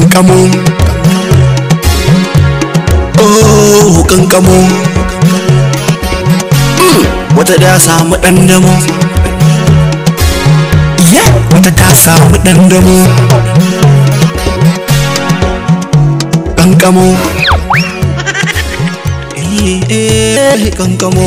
kankamo oh kankamo wata da samu dandamo hmm, wata ta samu dandamo kankamo kankamo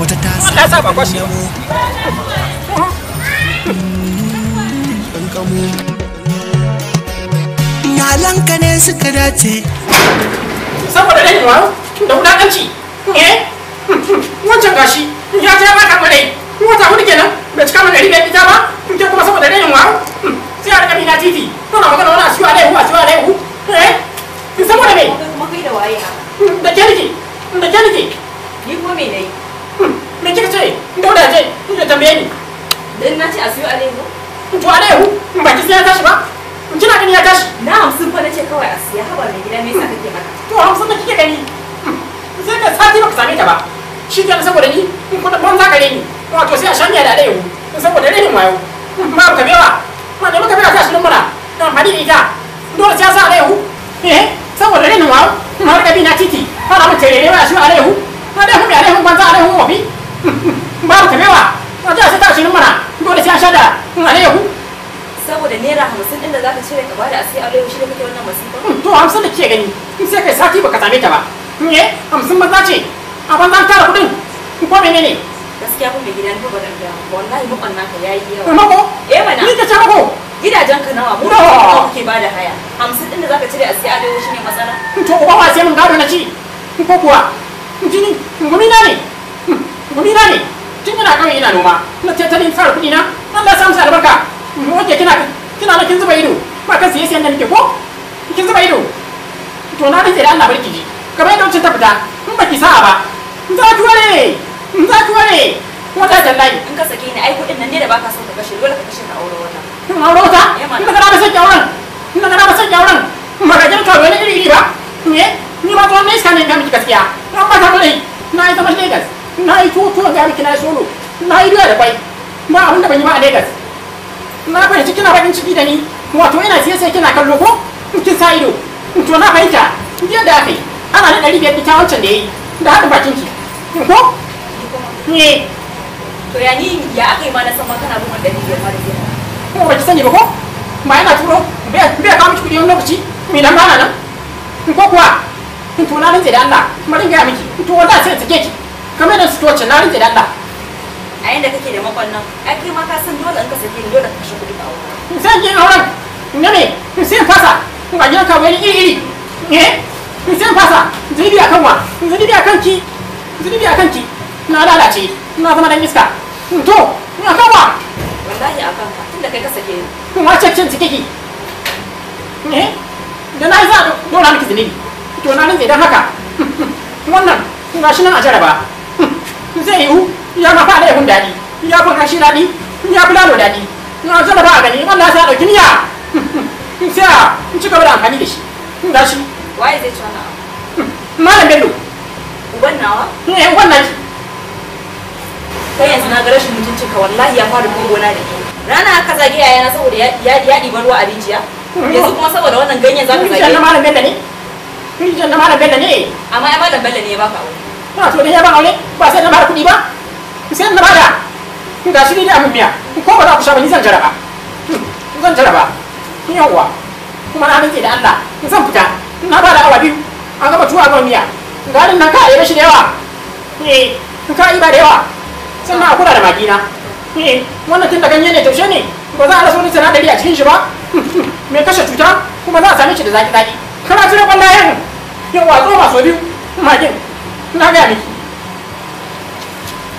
wata ta samu iyalanka ne suka dace saboda dai ma da wulakanci eh wancan gashi ya ta ba ka ne wata hudu kenan bai cika mana ribe ita ba ke kuma saboda dai ma sai a rika mina titi kana magana wani asiwa alaihu asiwa alaihu eh saboda me kuma kai da waye ha? da ke nake da ke nake ni kuma me nayi me kika ce da wadaje ya tambaye ni dan na ce asiwa alaihu to alaihu ba ki sai ya tashi ba kina gani ya tashi na hamsin fa nace kawai a siya haba mai gida me yasa kake haka to hamsin da kike gani hmm. sai ka sati baka same ta ba shi ke saboda ni in kuma ban za ka ni wato sai a shanya da dai saboda rehin wayo ma hmm, ka bewa ma da muka bera ta shi mana na amfani da ita dole sai sa alaihu eh saboda rehin wayo ma hmm, ka bi na titi fara mu tere wa shi alaihu ma da kuma alaihu ban za alaihu mafi ba ka bewa ma da sai ta shi mana dole sai a shada alaihu saboda naira hamsin din da za ka cire ka bada a sai alewa shi da kake wannan masifa hmm, to hamsin da kike gani in sai kai sati baka same ta ba ne hmm, eh, hamsin maza ce a banza tara kudin hmm, ko ne. gaskiya kun mai gidan ba da wallahi mukon naka yayi yawa eh, mako eh mana ni ka ce mako gidajen ka nawa mu da kake bada haya hamsin din da za ka cire a sai alewa shi ne masana. to uba ba sai mun gado na ci ko kuwa jini gumi na ne gumi na ne tun yana kawai ina noma na tattalin tsara kuɗi na Allah ya samu albarka oke kina kina na kin zuba ido ba kan siye siyan da nake ko kin zuba ido to na rike da Allah barki ji kamar yadda wancan ta fita in baki sa'a ba in za ki ware in za ki ware ko ta tallahi in ka sake ni ai kuɗin nan ne da baka son ka kashe dole ka kashe ka aure wata in aure wata eh, in ka ba auren in ka ba auren magajin ka wani iri iri ba me ni ba tuwon iska ne ga gaskiya na ba ta dole na yi zaman Lagos na yi tuwo tuwon ga miki solo na yi doya da kwai ba abin da ban yi ba a legas na fahimci kina farin ciki da ni wato ina siya sai kina kallo ko kin sa ido to na fahimta jiya da aka yi ana da ɗari biyar ita wancan da ya yi da haɗin bakin ki ko ne to ya ni ya aka yi ma na sama kana bin wanda biyar ma da biyar ko ba ki sani ba ko ma yana turo bai kawo miki kuɗi wani lokaci mai nan bana nan ko kuwa to na rinje da Allah kuma ringa miki to wallahi sai ta ke ki kamar da su to wancan na rinje da Allah a yanda kake da makonnan ai kai ma ka san dole in ka sake ni dole ka kashe kuɗi ka aure sai ki auren ne ne. sai fasa ba gidan ka wani iri iri eh sai fasa zunubi akan wa zunubi akan ki zunubi akan ki na lalace na zama dan iska to ina kan wa wallahi akan ka tunda kai ka sake ni kuma caccin ki. eh da na za a dora miki zunubi to na nan idan haka wannan shi nan a jaraba zai yiwu ya ma fa laifin daɗi ya fa kashi daɗi ya bula lo daɗi na da ba gani Allah ya sa niya in sai in ci gaba da amfani da shi ga shi waye zai ci wannan abu malam bello uban nawa eh uban naki kai yanzu na ga rashin mutunci ka wallahi ya fara mun na da ke. rana aka zage na saboda ya ya ɗiba ruwa a rijiya yanzu kuma saboda wannan ganyen zaka zage ni malam bello ne ni janna malam bello ne amma ai malam bello ne ya baka aure ba to da ya ban aure ba sai na mara kudi ba sai na bada ga shi ne da abin miya ko ba za ku sha ba ni zan jaraba hmm, zan jaraba yawwa kuma na rantse da Allah zan fita na bada awa biyu an gama tuwa gama miya garin nan ka yi shi da yawa eh ka yi ba da yawa sannan a kula da magina eh wannan tun da ganye ne taushe ne ba za a rasa wani sinadari a cikin shi ba mai kashe cuta kuma za a same shi da zaki-zaki kana cire kwallayen yawa zo masu biyu magin na gaya miki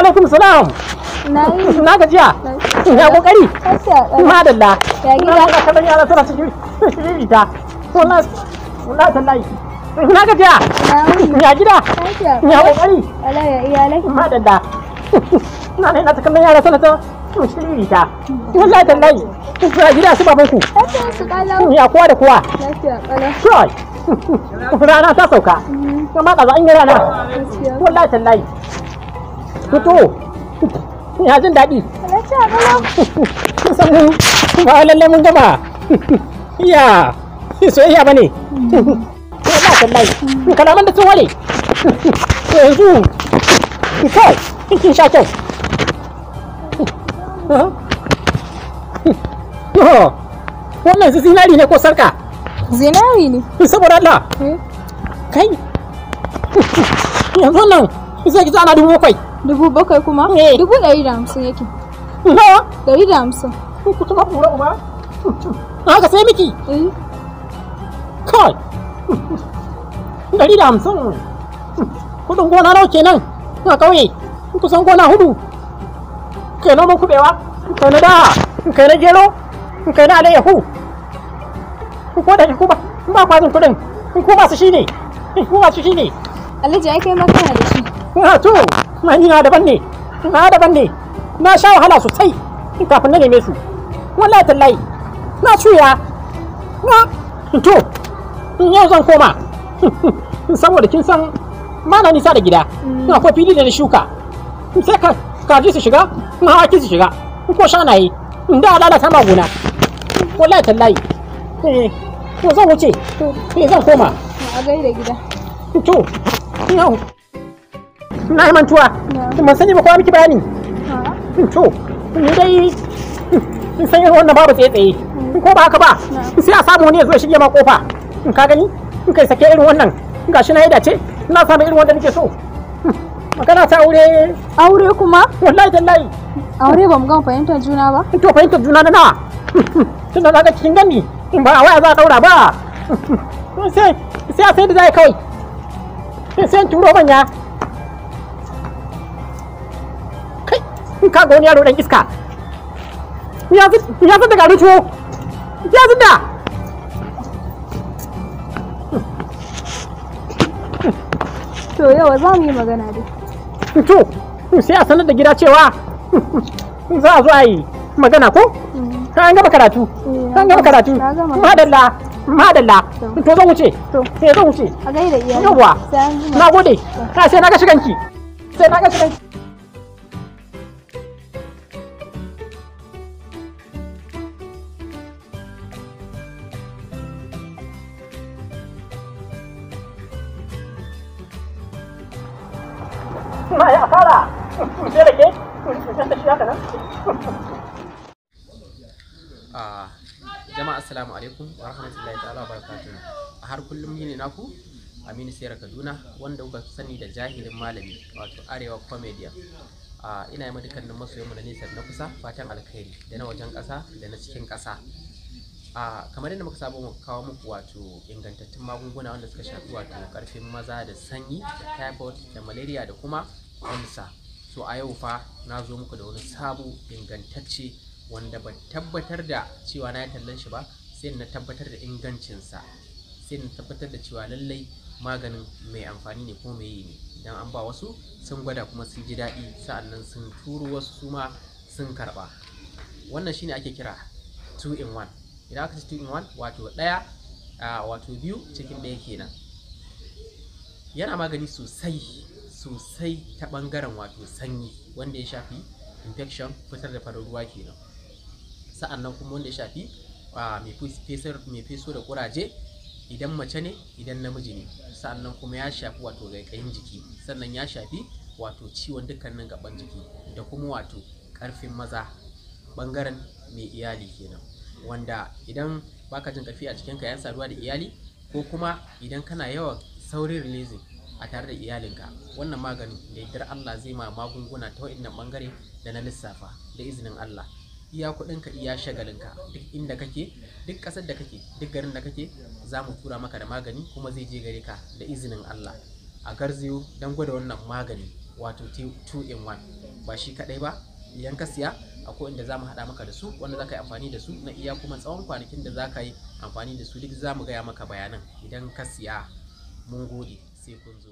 alaikum salam na gajiya ya kokari ma dalla ya gida ka kallon yara suna cikin rita wallahi wallahi tallahi na gajiya ya gida ya kokari wallahi ya iyalai ma dalla na ne na kallon yara suna ta cikin rita wallahi tallahi ya gida su baban ku! ya kowa da kowa rana ta sauka kamar mm-hmm. kaza an yi rana wallahi tallahi fito ya jin daɗi kun san ba lallai mun gama iya soyayya ba ne ko ba tallahi kalaman da sun ware to yanzu kai kin sha kyau wannan zinari ne ko sarka zinari ne saboda Allah eh. kai yanzu nan zai gizo ana dubu bakwai dubu bakwai kuma dubu ɗari da hamsin yake ɗari da hamsin ku tuka kura uba haka sai miki eh. kai ɗari da hamsin kudin gona nawa kenan na ƙauye kusan gona hudu kai noman kubewa kai na da kai na gero kai na alayyahu ko da ku ba kwazin kudin ku ba su shine ku ba su shine Alhaji ai kai ma kana da shi na ah, to mani na daban ne na daban ne na sha wahala sosai kafin na neme su wallahi tallahi na cuya na to yau zan koma saboda kin san mana nisa da gida na ko fili da na shuka sai ka kaji su shiga na haki su shiga ko sha na yi da alala ta maguna wallahi tallahi eh, to zan wuce to eh, zan koma a gaida gida to yau na yi mantuwa kuma sani ba kowa miki bayani hmm, to ni dai hmm, in san irin wannan babu tsaye-tsaye hmm. ko ba haka ba sai a samu wani ya zo shige ma kofa in ka gani in kai sake irin wannan in gashi na yi dace ina samun irin wanda nake so magana ta aure aure kuma wallahi tallahi aure ba mu gama fahimtar juna ba to fahimtar juna na nawa tun da zaka cikin gani in ba a waya za a daura ba sai sai sai da zai kawai sai turo manya ka ga wani yaro dan iska ya zai da garin ya zai da to yawa za mu yi magana dai to sai a sanar da gida cewa za a zo a yi magana ko ka mm. an gaba karatu ka mm. an gaba karatu madalla madalla to zan wuce sai eh, zan wuce a gaida iyaye yawa na gode ka ah, sai na ga shiganki sai na ga shiganki na ah, jama'a assalamu alaikum wa rahmatullahi ta'ala barakatuh a har kullum ni ne naku aminu sera kaduna wanda kuka sani da jahilin malami wato arewa ah, ina yi dukkanin masoyanmu na nesa na kusa fatan alkhairi da na wajen kasa da na cikin kasa. a kamar yadda muka saba mu kawo muku wato ingantattun magunguna wanda suka shafi wato karfin maza da sanyi da typhoid da malaria da kuma kansa so a yau fa na zo muku da wani sabo ingantacce wanda ba tabbatar da cewa na yi tallan shi ba sai na tabbatar da ingancinsa sai na tabbatar da cewa lallai maganin mai amfani ne ko mai yi ne idan an ba wasu sun gwada kuma sun ji daɗi sa'annan sun turo wasu suma sun karɓa wannan shine ake kira 2 in 1 idan aka ce 2 in 1 wato ɗaya wato biyu cikin ɗaya kenan yana magani sosai sosai ta ɓangaren wato sanyi wanda ya shafi infection fitar da farin ruwa kenan sa'annan kuma wanda ya shafi mai feso da kuraje idan mace ne idan namiji ne nan kuma ya shafi wato gaikayin jiki sannan ya shafi wato ciwon dukkanin gaban jiki da kuma wato karfin maza bangaren mai iyali kenan wanda idan baka jin kafi a cikinka 'yan saduwa da iyali ko kuma idan kana yawan saurin releasing a tare da iyalinka wannan maganin da yardar Allah zai ma magunguna ta wa'innan bangare da na lissafa da izinin Allah iya ka iya shagalinka duk inda kake duk ƙasar da kake duk garin da kake za mu tura maka da magani kuma zai je gare ka da izinin Allah a garziyo don gwada wannan magani wato 2 in 1 ba shi kadai ba idan ka siya akwai inda za mu haɗa maka da su wanda za ka yi amfani da su na iya kuma tsawon kwanakin da za ka yi amfani da su duk za mu gaya maka bayanan idan ka siya mun gode sai kun zo